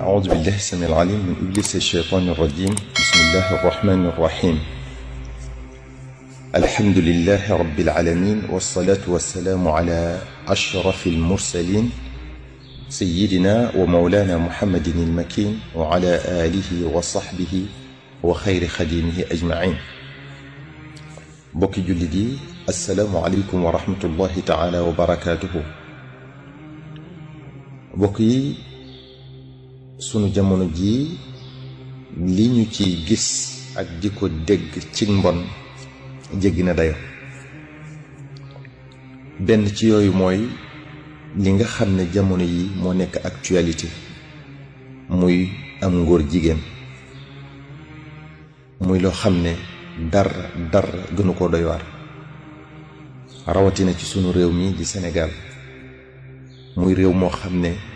أعوذ بالله السميع العليم من إبليس الشيطان الرجيم بسم الله الرحمن الرحيم الحمد لله رب العالمين والصلاة والسلام على أشرف المرسلين سيدنا ومولانا محمد المكين وعلى آله وصحبه وخير خديمه أجمعين بوكي جلدي السلام عليكم ورحمة الله تعالى وبركاته بوكي sunu jamono ji li ñu ciy gis ak di ko dégg ci mbon jéggi na dayo benn ci yooyu mooy li nga xam ne jamono yi moo nekk actualité muy am ngóor jigéen muy loo xam ne dara dara gënu ko doy rawatina ci sunu réew mi di senegaal muy réew moo xam ne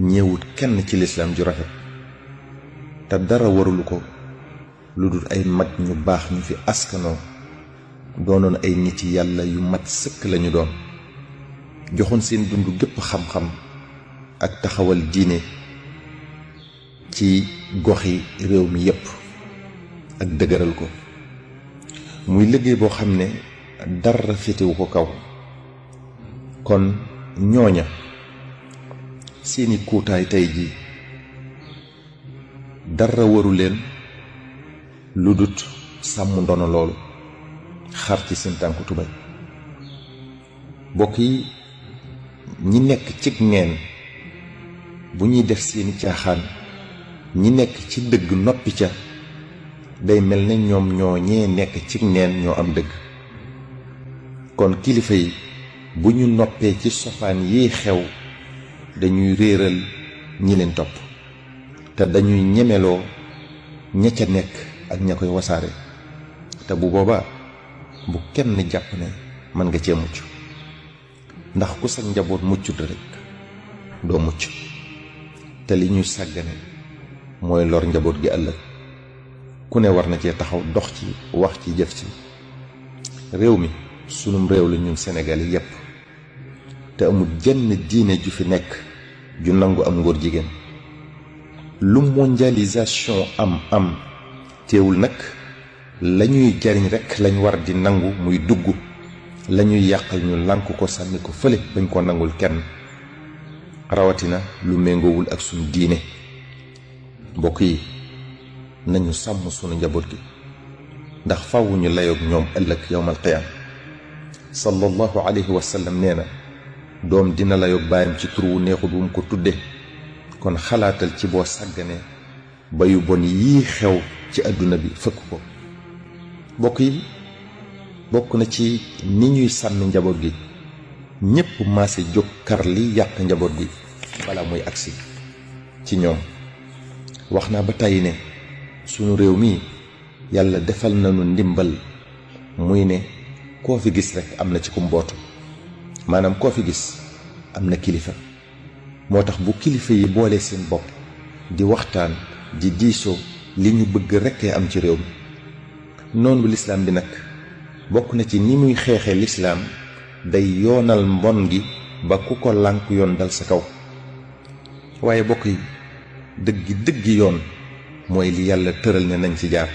ñeewut kenn ci lislaam ju rafet te dara warulu ko lu dul ay mag ñu baax ñu fi askanoo doonoon ay nit yàlla yu mat sëkk lañu doon joxoon seen dund gépp xam-xam ak taxawal diine ci goxi réew mi yépp ak dëgëral ko muy liggéey boo xam ne dara féetewu ko kaw kon ñooña seeni kuutaay tey ji dara waru leen lu dut sàmm ndono loolu xar ci seen tànku tubay bokk yi ñi nekk ci neen bu ñuy def seeni caaxaan ñi nekk ci dëgg noppi ca day mel ne ñoom ñoo ñee nekk ci neen ñoo am dëgg kon kilifa yi bu ñu noppee ci sofaan yi xew dañuy réeral ñi leen topp te dañuy ñemeloo ña ca nekk ak ña koy wasaare te bu boobaa bu kenn jàpp ne mën nga cee mucc ndax ku sa njaboot muccut rek doo mucc te li ñuy sàggane mooy lor njaboot gi ëllëg ku ne war na cee taxaw dox ci wax ci jëf si réew mi sunum réew la ñun Sénégal yi yépp te amul jenn diine ju fi nekk ju nangu am ngóor jigéen lu mondialisation am am teewul nag lañuy jariñ rekk lañ war di nangu muy dugg lañuy yàqal ñu lànk ko sànni ko fële bañ ko nangul kenn rawatina lu méngoowul ak suñu diine mbokk yi nañu sàmm sunu njaboot gi ndax fawuñu ñu layoog ñoom ëllëg yowmal qiyaam sallallahu alayhi wa nee na doom dina la yóbbu ci tur wu neexut wu mu ko tudde kon xalaatal ci boo sàggane ba yu bon yii xew ci àdduna bi fëkk ko bokk yi bokk na ci ni ñuy sàmmi njaboot gi ñépp maase jóg kar li yàq njaboot gi balaa muy agsi ci ñoom wax naa ba tàyyi ne sunu réew mi yàlla defal nañu ndimbal muy ne koo fi gis rekk am na ci kum bootu maanaam koo fi gis am na kilifa moo tax bu kilifa yi boolee seen bopp di waxtaan di diisoo li ñu bëgg rekkee am ci réew mi noonu bu lislaam bi nag bokk na ci ni muy xeexee lislaam day yoonal mbon gi ba ku ko lànk yoon dal sa kaw waaye bokk yi dëggi dëggi yoon mooy li yàlla tëral ne nañ ci jaar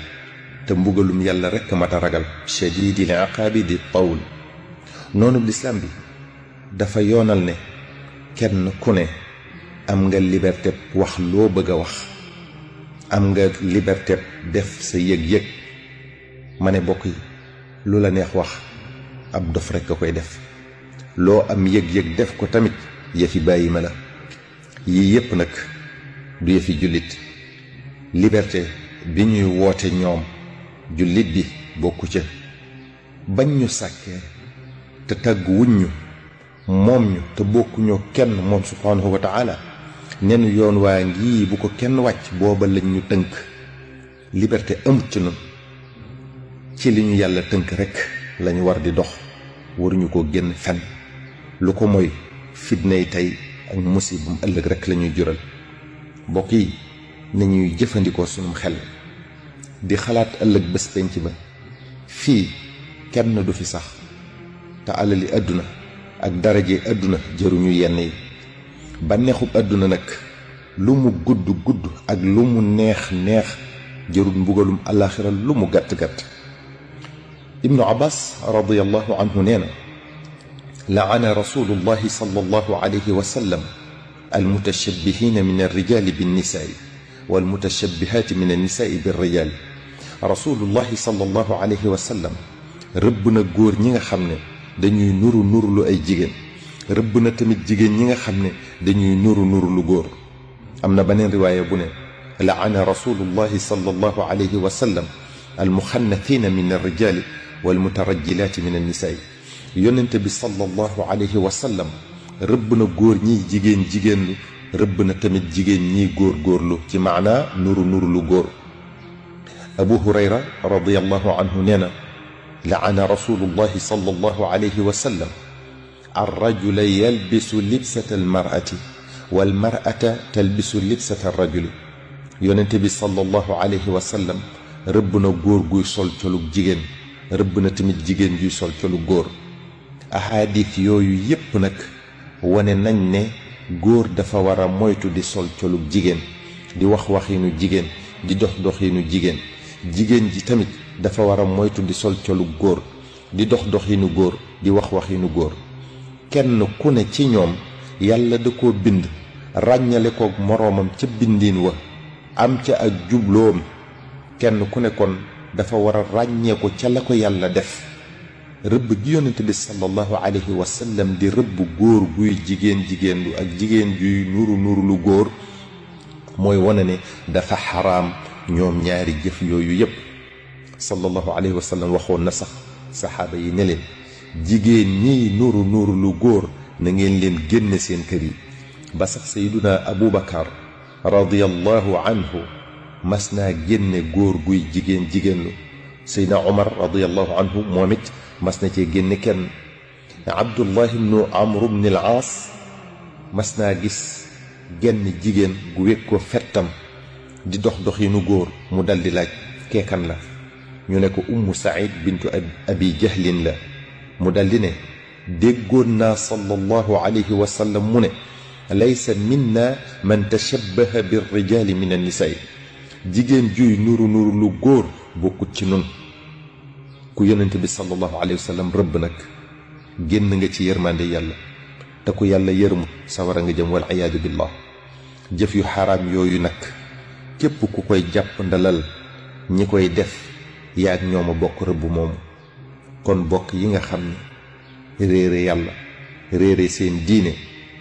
te mbugalum yàlla rekk mat a ragal shadiidil iqaabi di tawl noonu lislaam bi dafa yoonal ne kenn ku ne am nga liberté wax loo bëgg a wax am nga liberté def sa yëg-yëg ma ne bokk yi lu la neex wax ab dof rekk a koy def loo am yëg-yëg def ko tamit yëfi bàyyi ma la yii yépp nag du yëfi jullit liberté bi ñuy woote ñoom jullit bi bokku ca bañ ñu sàkkee te tàgguwuñ ñu moom ñu te bokkuñoo kenn moom subhaanahu wa taala nen yoon waa ngi bu ko kenn wàcc booba lañ ñu tënk liberte amut ci nun ci li ñu yàlla tënk rekk lañu war di dox waruñu ko génn fenn lu ko moy fitnay tey ak musibam ëllëg rekk lañuy jural mbokk yi nañuy jëfandikoo sunum xel di xalaat ëllëg bés penc ba fii kenn du fi sax te alali àdduna ak daraje àdduna jëruñu yenn yi bànneexub àdduna nag lu mu gudd gudd ak lu mu neex neex jeru mbugalum alakhirah lu mu gàtt-gàtt ibnu abbas radiyallahu anhu nee لعن رسول الله صلى الله عليه وسلم المتشبهين من الرجال بالنساء والمتشبهات من النساء بالرجال رسول الله صلى الله عليه وسلم ربنا غور نيغا خامني dañuy nuru nuru lu ay jigéen rëbb na tamit jigéen ñi nga xam ne dañuy nuru nuru lu góor am na beneen riwaaya bu ne laana rasulullahi sallallahu alayhi wa sallam almuxannatina min alrijali walmutarajilaati min annisaai yonente bi sallallahu alayhi wa sallam rëbb na góor ñiy jigéen jigéen lu rëbb na tamit jigéen ñiy góor góorlu ci maanaa nuru nuru lu góor abu hurayra radiallahu anhu nee na لعن رسول الله صلى الله عليه وسلم الرجل يلبس لبسة المرأة والمرأة تلبس لبسة الرجل ينتبه صلى الله عليه وسلم ربنا غور جي سول تلوك جيجن ربنا تمت جيجن جي سول تلوك غور أحاديث يو يبنك ونننن غور دفور مويت دي سول تلوك جيجن دي وخ وخينو جيجن دي دوخ دوخينو جيجن جيجن جي تمت dafa war a moytu di sol colu góor di dox doxinu góor di wax waxinu góor kenn ku ne ci ñoom yàlla da ko bind ràññale ko moroomam ca bindin wa am ca ak jubloom kenn ku ne kon dafa war a ràññeeku ca la ko yàlla def rëbb gi yonent bi sallallahu alayhi wa sallam di rëbb góor guy jigéen jigéen lu ak jigéen juy nuru nuru lu góor mooy wane ne dafa xaraam ñoom ñaari jëf yooyu yépp sallallahu alayhi waxoon na sax saxaaba yi ne leen jigéen ñiy nuru nuru lu góor na ngeen leen génne seen kër yi ba sax sayduna abubakar radiallahu mas naa génne góor guy jigéen jigéenlu saydna omar radiallahu anhu mas na cee génne kenn abdullahi bnu amru bni al mas naa gis genn jigéen gu wékk ko fettam di dox dox yi góor mu daldi di laaj keekan la ñu ne ko ummu saïd bintu abi jahlin la mu daldi ne déggoon naa sallallahu alayhi wa sallam mu ne laysa minna man tashabbaha bir rijaali min annisaay jigéen juy nuru nuru lu góor bokkut ci nun ku yonent bi sallallahu alayhi wa sallam rëbb nag génn nga ci yërmande yàlla te ku yàlla yërmut sawara nga jëm wal iyaadu billah jëf yu xaraam yooyu nag képp ku koy jàpp ndalal ñi koy def yaag ñooma bokk rëbb moomu kon bokk yi nga xam ne réere yàlla réere seen diine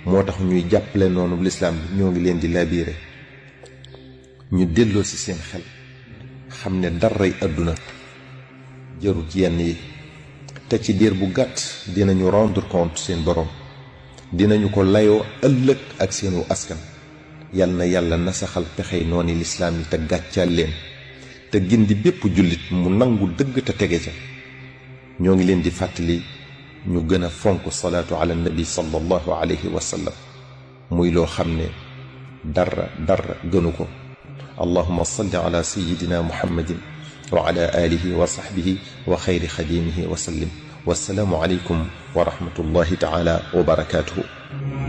moo tax ñuy jàppale noonu lislaam bi ñoo ngi leen di labiré ñu delloo ci seen xel xam ne daray àdduna jarut yenn yi te ci diir bu gàtt dinañu rendre compte seen borom dinañu ko layoo ëllëg ak seenu askan yal na yàlla nasaxal pexey noonu lislaam yi te gàccaal leen te gindi bépp jullit mu nangu dëgg te tege ca ñoo ngi leen di fàttali ñu gën a fonk salaatu ala nabi sallallahu alayhi wa sallam muy loo xam ne dara dara gënu ko allahuma salli ala sayidina muhammadin wa ala alihi wa sahbihi wa xayri xadimihi wa sallim wassalaamu alaykum wa rahmatullahi taala wa barakatuhu